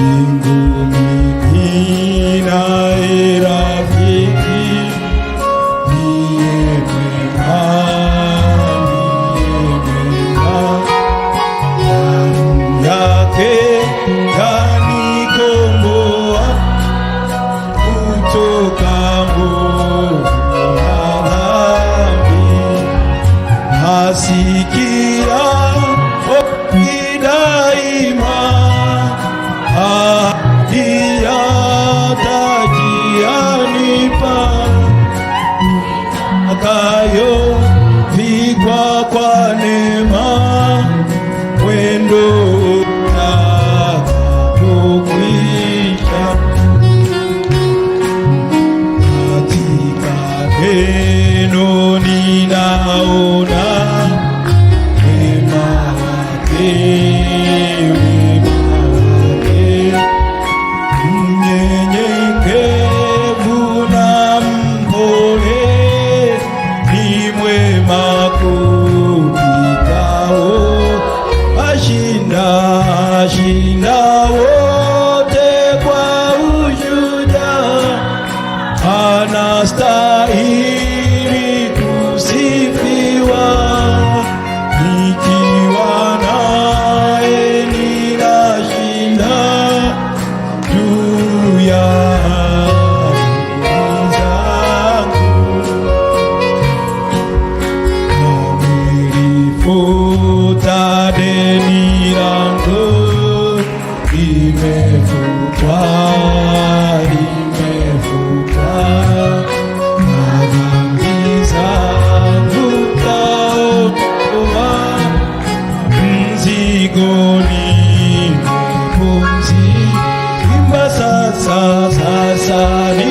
lindo. Zion. Shina, Shina, oh. सा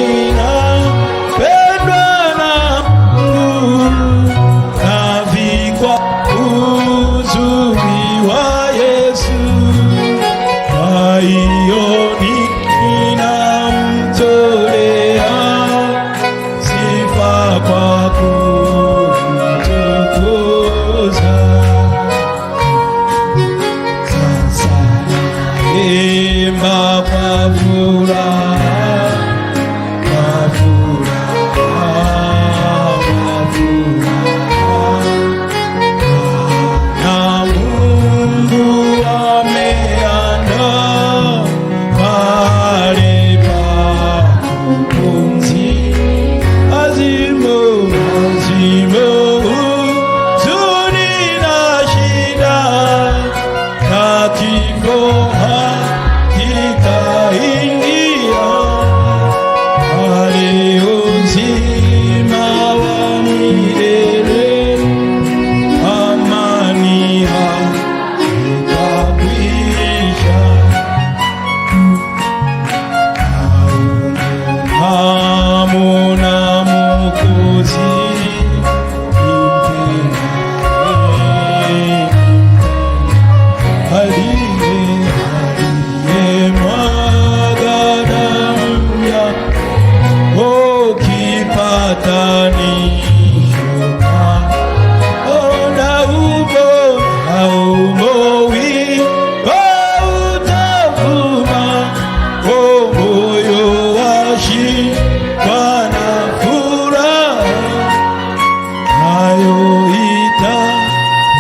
nayoita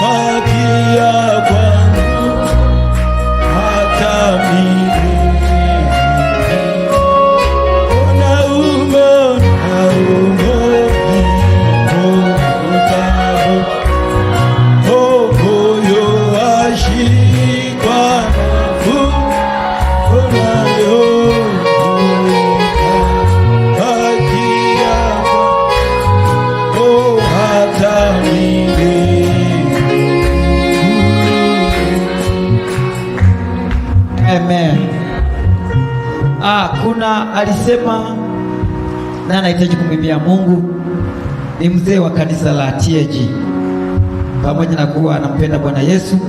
maji ya kwa kuna alisema na anahitaji kumwimbia Mungu, ni mzee wa kanisa la TAG, pamoja na kuwa anampenda Bwana Yesu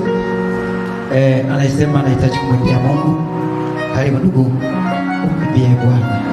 eh, anasema anahitaji kumwimbia Mungu. Karibu ndugu, umwimbie Bwana.